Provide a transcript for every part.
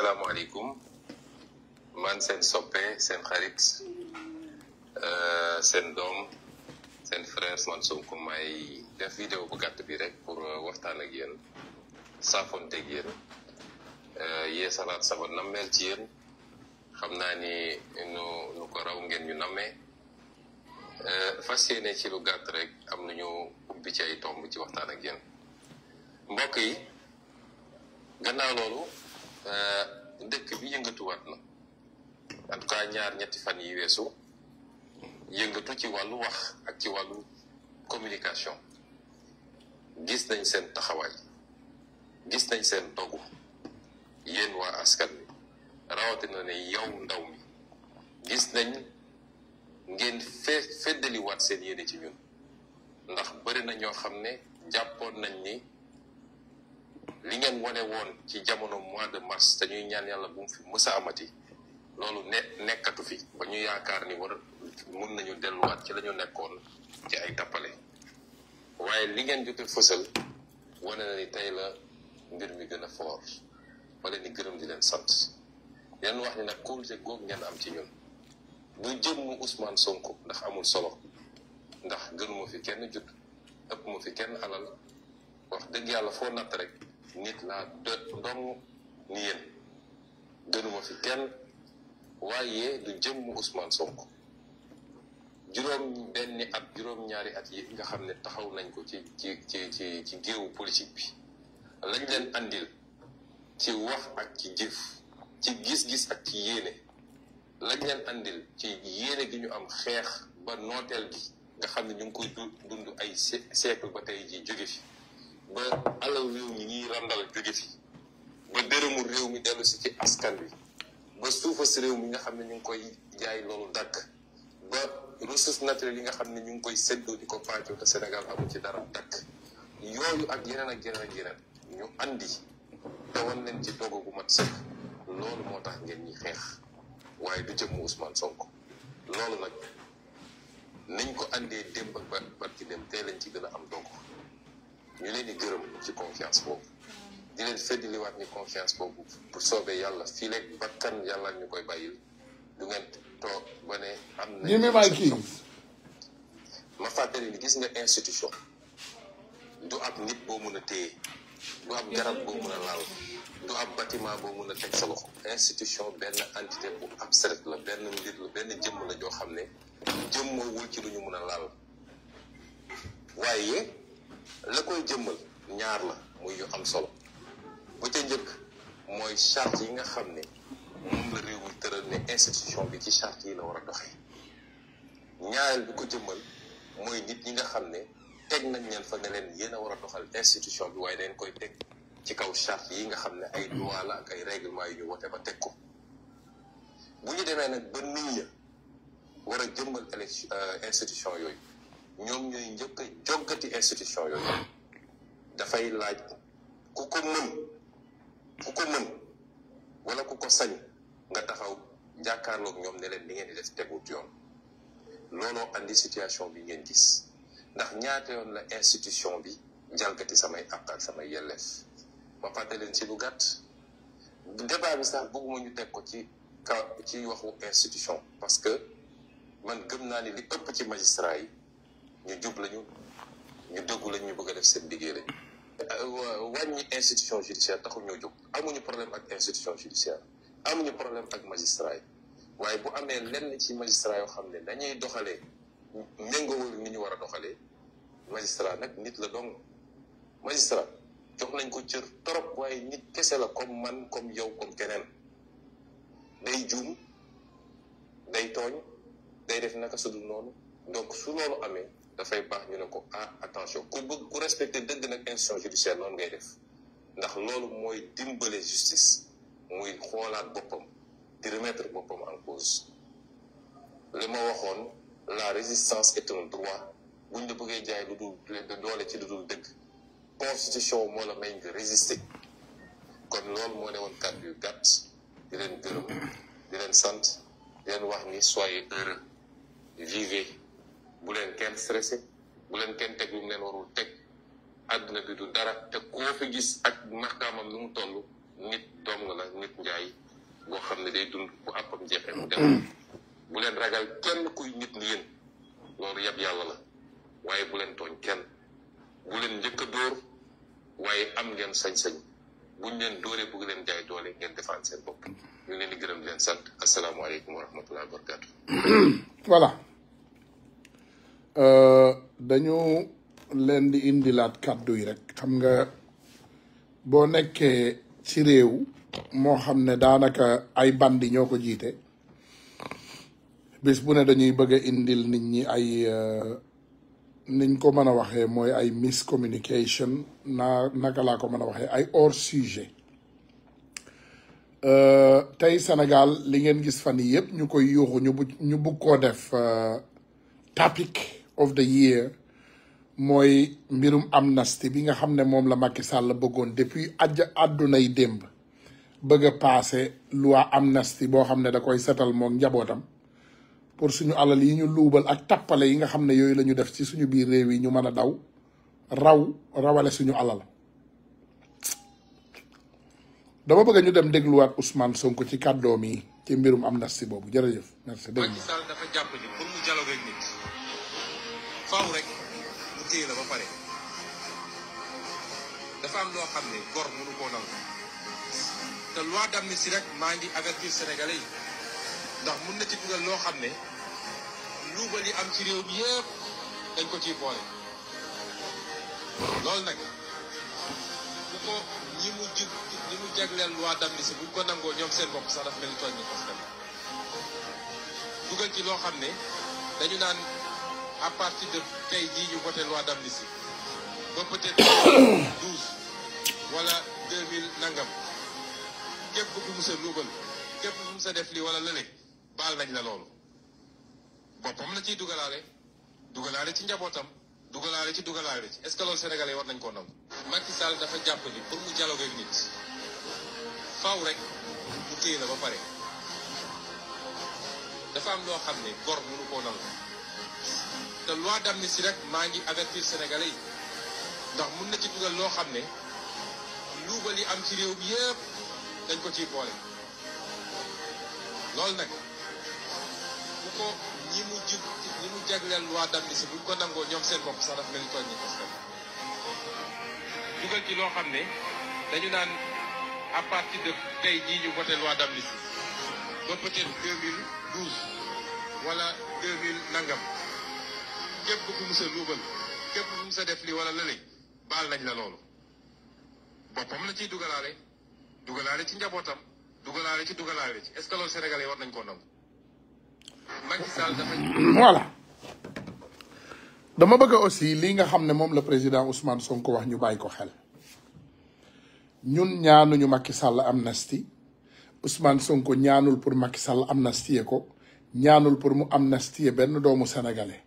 salaamaaleykum man seen soppe seen xarit euh, seen doom seen frère man Sonko may def vidéo bu gàtt bi rek pour euh, waxtaan ak yéen saafonte ak yéen euh, yee salaat sama nammeel ci yéen xam naa ni nu nu ko raw ngeen ñu nammee fas yéene ci lu gàtt rek am nañu ubbi ci ay tomb ci waxtaan ak yéen mbokk yi gannaaw loolu Euh, dëkk bi yëngatuwaat na en tout cas ñaar ñetti fan yi weesu yëngatu ci wàllu wax ak ci wàllu communication gis nañ seen taxawaay gis nañ seen dogu yéen waa askan wi rawatina ne yow ndaw mi gis nañ ngeen fe feddaliwaat seen yéene ci ñun ndax bëri na ñoo xam ne jàppoon nañ ni ngeen wane woon ci jamono mois de mars te ñuy ñaan yàlla bu mu fi mës loolu ne nekkatu fi ba ñu yaakaar ni war mun nañu delluwaat ci la nekkoon ci ay tappale waaye li ngeen jot a wane na ni tey la mbir mi gën a fort ma leen di gërëm di leen sant leen wax ni nag kóolute goog ngeen am ci ñun du jëmm usmaan Sonko ndax amul solo ndax gënuma fi kenn jut ëpp ma fi kenn alal wax dëgg yàlla foo natt rek nit laa dë dong ni yéen gënuma fi kenn waaye du jëmm Ousmane Sonko juróom benni ab juróom-ñaari at yi nga xam ne taxaw nañ ko ci ci ci ci ci géewu politique bi lañ leen andil ci wax ak ci jëf ci gis-gis ak ci yéene lañ leen andil ci yéene gi ñu am xeex ba nooteel gi nga xam ne ñu ngi koy dund ay siècle ba tey ji jóge fi ba alal réew mi ñuy randal jóge fi ba dërëmu réew mi dellu si ci askan wi ba suufas réew mi nga xam ne ñu ngi koy jaay loolu dakk ba ressources naturelles yi nga xam ne ñu ngi koy séddoo di ko pàccoo te Sénégal amu ci dara dakk yooyu ak yeneen ak yeneen ak yeneen ñu andi te wan leen ci dogo bu mat sëkk loolu moo tax ngeen ñi xeex waaye du jëmm Ousmane Sonko loolu nag nañ ko andee démb ba barki dem tey lañ ci gën a am dogo ñu leen di gërëm ci confiance boobu di leen feddiliwaat ni confiance boobu pour soobee yàlla fii léegi bakkan yàlla ñu koy bàyyil du ngeen toog ba ne am na ñu fàttali gis nga institution du ab nit boo mën a téye du ab garab boo mun a laal du ab bâtiment boo mën a teg sa loxo institution benn entité bu abstraite la benn mbir la benn jëmm la joo xam ne jëmmoowul ci lu ñu mën a laal waaye la koy jëmmal ñaar la muy yu am solo bu ca njëkk mooy charte yi nga xam ne moom la réew mi tëral ne institution bi ci charte yi la war a doxee ñaareel bi ko jëmmal mooy nit ñi nga xam ne teg nañ leen fa ne leen yéen a war a doxal institution bi waaye dañ koy teg ci kaw charte yi nga xam ne ay loi la ak ay règlement yu ñu wote ba teg ko bu ñu demee nag ba nit ña war a jëmmal euh, institution yooyu ñoom ñooy njëkk a joggati institution yooyu dafay laaj ku ko mën ku ko mën wala ku ko sañ nga taxaw jàkkaarloog ñoom ne leen li ngeen di def tegut yoon looloo indi situation bi ngeen gis ndax ñaata yoon la institution bi jalgati samay àq ak samay yelleef ma fàtte leen si lu gàtt débat bi sax bëgguma ñu teg ko ci ka ci waxu institution parce que man gëm naa ni li ëpp ci magistrat yi ñu jub lañu ñu dëggu lañ ñu bëgg a def seen liggéey lañu euh, wàññi institution judiciaire taxul ñoo jóg amuñu problème ak institution judiciaire amuñu problème ak magistrat yi waaye bu amee lenn ci magistrat yoo xam ne dañuy doxalee méngoowul ni ñu war a doxalee magistrat nag nit la dong magistrat jox nañ ko cër trop waaye nit kese la comme man comme yow comme keneen day juum day tooñ day def naka su noonu donc su loolu amee dafay baax ñu ne ko ah attention ku bëgg ku respecté dëgg nag institution judiciaire noonu ngay def ndax loolu mooy dimbale justice muy xoolaat boppam di remettre boppam en cause li ma waxoon la résistance est un droit buñ la bëggee jaay lu dul doole ci lu dul dëgg constitution moo la may nga résister kon loolu moo ne woon kàddu yu gàtt di leen gërëm di leen sant di leen wax ni soyez heureux vivez bu leen kenn stressé bu leen kenn teg lu leen warul teg àdduna bi du dara te koo fi gis ak maqaamam lu mu toll nit doom nga la nit njaay boo xam ne day dund bu àppam jeexee mu dem bu leen ragal kenn kuy nit ni loolu yab yàlla la waaye bu leen tooñ kenn bu leen njëkk a dóor waaye am ngeen sañ-sañ buñ leen dóoree bëgg leen jaay doole ngeen defaan seen bopp ñu leen di gërëm leen sant asalaamaaleykum wa rahmatulah wa barakatu Euh, dañu leen di indilaat kàddu yi rek xam nga boo nekkee ci réew moo xam ne daanaka ay bandi ñoo ko jiite bis bu ne dañuy bëgg indil nit ñi ay euh, niñ ko mën a waxee mooy ay miscommunication naa naka laa ko mën a waxee ay hors sujet euh, tey senegal li ngeen gis fan yii yëpp ñu koy yuuxu ñu bu bugg koo def topic of the year mooy mbirum am nasti bi nga xam ne moom la Macky la bëggoon depuis àjja àddunay démb bëgg a paase am nasti boo xam ne da koy setal moom njabootam pour suñu alal yi ñu luubal ak tappale yi nga xam ne yooyu la def ci suñu biir réew yi ñu mën a daw raw rawale suñu alal dama bëgg ñu dem dégluwaat usman sonk ci kàddoom yi ci mbirum am amnistie boobu jërëjëf merci dafa jàpp ni faaw rek mu téye la ba pare dafa am loo xam ne gor mënu koo nangu te loi d'amnistie rek maa ngi avertir sénégalais yi ndax mun na ci dugal loo xam ne luubal yi am ci réew bi yëpp dañ ko ciy boole loolu nag bu ko ñi mu jub ñi mu jagleel loi d'amnistie buñ ko nangoo ñoom seen bopp sax dafa mel ni tooñ na ko dugal ci loo xam ne dañu naan à partir de tey jii ñu voté loi d'amnistie ba peut-être 2012 wala 2000 nangam képp ku mu sa luubal képp mu sa def lii wala lële baal nañ la loolu boppam la ciy dugalaale dugalaale ci njabootam dugalaale ci dugalaale ci est-ce que loolu sénégalais yi war nañ koo nangu. Macky Sall dafa jàpp ni pour mu dialoguer ak nit faaw rek mu téye la ba pare dafa am loo xam ne gor mënu koo nangu. te loi si rek maa ngi avertir sénégalais yi ndax mun na ci dugal loo xam ne luuba yi am ci réew bi yëpp dañ ko ciy boole loolu nag bu ko ñi mu jig ñi mu jagleel loi d'amnistie buñ ko nangoo ñoom seen bopp sax daf mel ni tooñ dugal ci loo xam ne dañu naan à partir de tey jii ñu voté loi d'amnistie ba peut-être 2012 wala 2000 nangam képp ku mu sa li wala lële baal nañ la loolu boppam la ciy dugalaale dugalaale ci njabootam dugalaale ci dugalaale ci est ce que loolu sénégalais war nañ koo nangu. Macky dama bëgg aussi lii nga xam ne moom la président Ousmane Sonko wax ñu bàyyi ko xel ñun ñaanuñu Macky Sall amnistie Ousmane Sonko ñaanul pour Macky Sall amnistier ko ñaanul pour mu amnistier benn doomu sénégalais.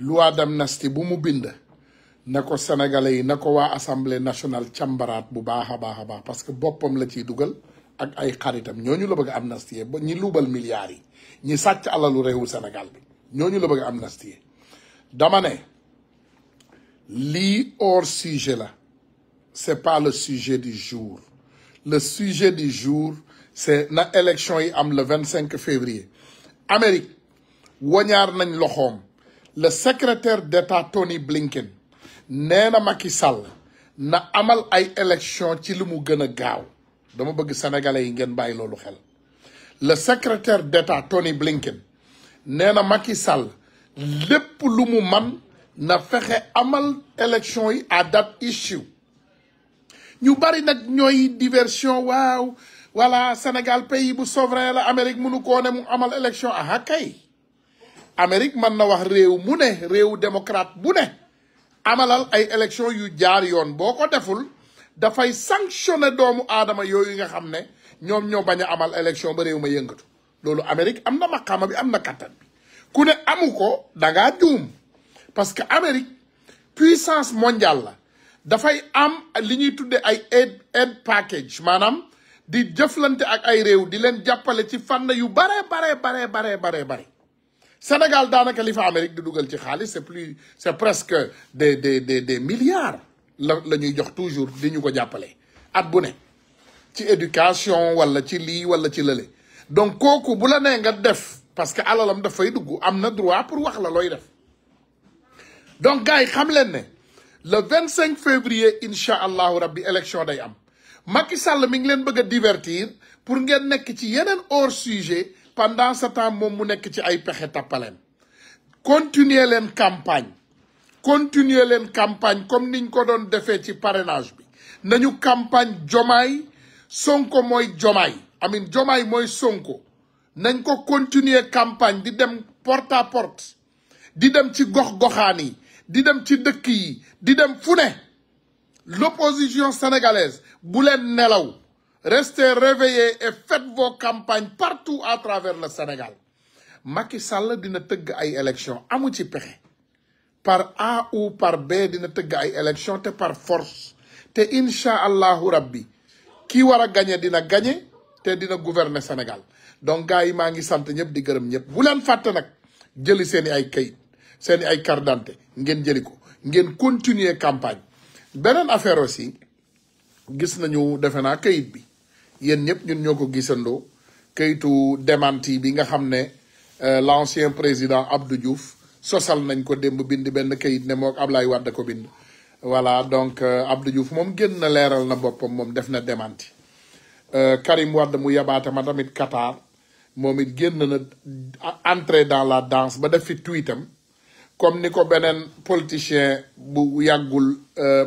loi d'amnistie bu mu bind na ko sénégalais yi na ko waa assemblée nationale càmbaraat bu baax a baax a baax parce que boppam la ciy dugal ak ay xaritam ñooñu la bëgg a amnistie ba ñi luubal milliards yi ñi sàcc alalu réew Sénégal bi ñooñu la bëgg a amnistie dama ne lii hors sujet la c'est pas le sujet du jour le sujet du jour c'est na élection yi am le vingt cinq février Amérique wañaar nañ loxoom le secrétaire d'État Tony Blinken nee na Macky Sall na amal ay élection ci li mu gën a gaaw dama bëgg sénégalais yi ngeen bàyyi loolu xel le secrétaire d'État Tony Blinken nee na Macky Sall lépp lu mu man na fexe amal élection yi à date issue ñu bari nag ñooy diversion waaw voilà Sénégal pays bu souverain la Amérique mënu koo ne mu amal élection à kay Amérique mën na wax réew mu ne réewu démocrate bu ne amalal ay élection yu jaar yoon boo ko deful dafay sanctionné doomu aadama yooyu nga xam ne ñoom ñoo bañ amal élection ba réew ma yëngatu loolu Amérique am na maqaama bi am na kattan bi ku ne amu ko dangaa juum parce que Amérique puissance mondiale la dafay am li ñuy tudde ay aid aid package maanaam di jëflante ak ay réew di leen jàppale ci fànn yu bare bare bare bare bare bare Sénégal daanaka li fa Amérique di dugal ci xaalis c'est plus c'est presque des des des des milliards la la ñuy jox toujours di ñu ko jàppale at bu ne ci éducation wala ci lii wala ci lële donc kooku bu la nee nga def parce que alalam dafay dugg am na droit pour wax la looy def donc gars xam leen ne le 25 février incha allahu rabbi élection day am Macky Sall mi ngi leen bëgg a divertir pour ngeen nekk ci yeneen hors sujet pendant ce moom mu nekk ci ay pexe tappaleen continuer leen campagne continuer leen campagne comme niñ ko doon defee ci parrainage bi nañu campagne jomaay sonko mooy jomaay amin jomaay mooy sonko nañ ko continuer campagne di dem porte à porte di dem ci gox-goxaan yi di dem ci dëkk yi di dem fu ne l'opposition sénégalaise bu leen nelaw Restez réveillés et faites vos campagnes partout à travers le Sénégal Macky Sall dina tëgg ay élection amu ci pexe par A ou par B dina tëgg ay élection te par force te incha allahu rabbi kii war a gañe dina gañe te dina gouverne Sénégal donc gars yi maa ngi sant ñëpp di gërëm ñëpp bu leen fàtte nag jëli seen i ay kayit seen i ay carte d'identité ngeen jëli ko ngeen continuer campagne beneen affaire aussi gis nañu defe naa kayit bi yéen ñëpp ñun ñoo ko gisandoo kayitu démenti bi nga xam ne euh, l'ancien président Abdou Diouf sosal nañ ko démb bind benn kayit ne moo Ablaye Wade ko bind voilà donc euh, Abdou Diouf moom génn na leeral na boppam moom def na démenti euh, Karim Wade mu yabaate ma tamit Qatar moom it génn na entré dans la danse ba def fi itam comme ni ko beneen politicien bu yàggul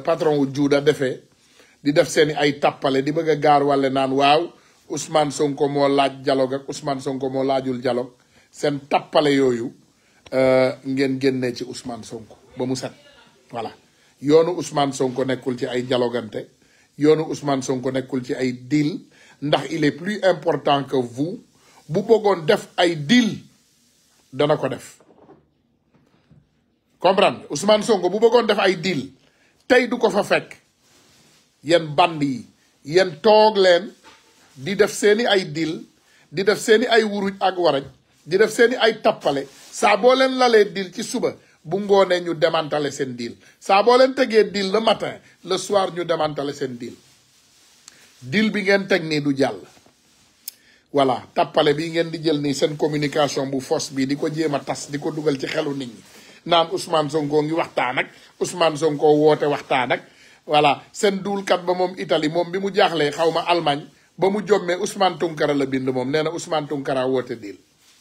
patron wu juuda defee di def seeni ay tappale di bëgg a gaar walle naan waaw Ousmane Sonko moo laaj dialogue ak Ousmane Sonko moo laajul dialogue seen tappale yooyu euh, ngeen génnee ci Ousmane Sonko ba mu set voilà yoonu Ousmane Sonko nekkul ci ay dialogante yoonu Ousmane Sonko nekkul ci ay deal ndax il est plus important que vous bu bëggoon def ay deal dana ko def comprendre Ousmane Sonko bu bëggoon def ay deal tey du ko fa fekk yéen band yi yéen toog leen di def seeni ay dil di def seeni ay wuruj ak waraj di def seeni ay tappale saa boo leen lalee dil ci suba bu ngoonee ñu demantale seen dil saa boo leen tegee dil la matin le soir ñu démantale seen dil dil bi ngeen teg nii du jàll voilà tappale bi ngeen di jël nii seen communication bu force bii di ko jéem a tas di ko dugal ci xelu nit ñi naan Ousmane Sonko ngi waxtaan ak Ousmane Sonko woote waxtaan ak voilà seen duulkat ba moom Italie moom bi mu jaaxlee xaw ma Allemagne ba mu jommee Ousmane Tunkara la bind moom nee na Ousmane Tunkara woote diil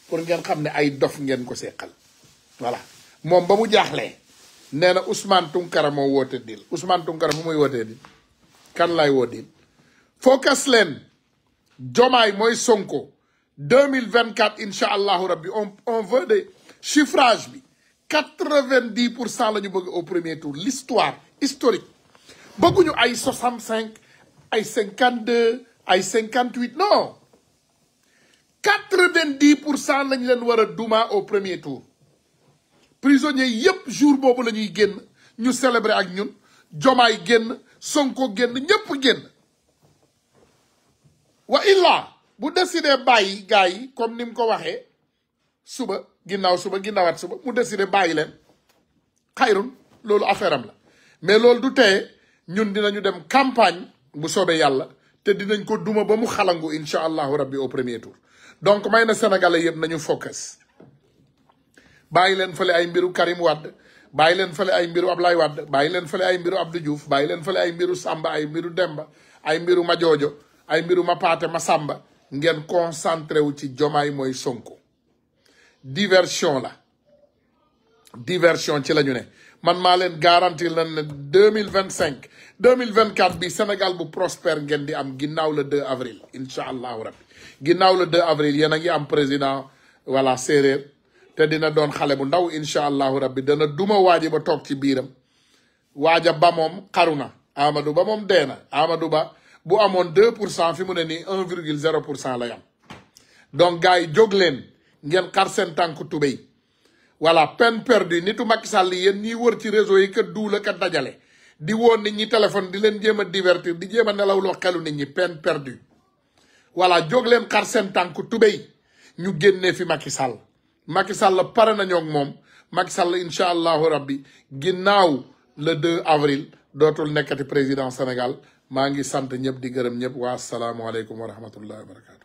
pour ngeen xam ne ay dof ngeen ko seqal voilà moom ba mu jaaxlee nee na Ousmane Tunkara moo woote diil Ousmane Tunkara bu muy wootee diil kan lay woo diil focus leen jomaay mooy Sonko 2024 incha allahu rabbi on on veut des chiffrage bi 90 pour cent la ñu bëgg au premier tour l'histoire historique bëgguñu ay cinq ay 52 ay 58 non 90 pour cent lañ leen war a duma au premier tour prisonniers yépp jour boobu la ñuy génn ñu célébrer ak ñun jomaay génn sonko génn ñépp génn wa illa bu décidé bàyyi gars yi comme ni mu ko waxee suba ginnaaw suba ginnaawaat suba mu décidé bàyyi leen xayrun loolu affaire am la mais loolu du teye ñun dinañu dem campagne bu soobee yàlla te dinañ ko duma ba mu xalangu incha allahu rabbi au premier tour donc may na sénégalais yëpp nañu focus bàyyi leen fële ay mbiru Karim Wade bàyyi leen fële ay mbiru Ablaye Wade bàyyi leen fële ay mbiru Abdou Diouf bàyyi leen fële ay mbiru Samba ay mbiru Demba ay mbiru Majoojo ay mbiru Mapaate sàmba ngeen concentré wu ci jomaay mooy Sonko diversion la diversion ci la ñu ne man maa leen garantir lan ne deux mille vingt cinq deux mille vingt quatre bi Sénégal bu prospère ngeen di am ginnaaw la 2 avril incha allahu rabbi ginnaaw la 2 avril yéen a ngi am président voilà séeréer te dina doon xale bu ndaw incha allahu rabbi dana duma waaji ba toog ci biiram waaja ba moom xaru na Amadou Ba moom dee na Amadou Ba bu amoon deux pour cent fi mu ne nii un virgule zéro pour cent lay am donc gars yi jóg leen ngeen xar seen tànk tubéy voilà peine perdue nitu Macky Sall yéen ñiy wër ci réseau yi kat duula kat dajale di woon nit ñi téléphone di leen jéem a divertir di jéem nelaw nelawloo xelu nit ñi penn perdue voilà jóg leen xar seen tànk tubéy ñu génnee fi Macky Sall Macky Sall pare nañoo ak moom Macky Sall incha allahu rabbi ginnaaw le 2 avril dootul nekkati président Sénégal maa ngi sant ñëpp di gërëm ñëpp waa salaamualeykum wa rahmatullahi wa barakatu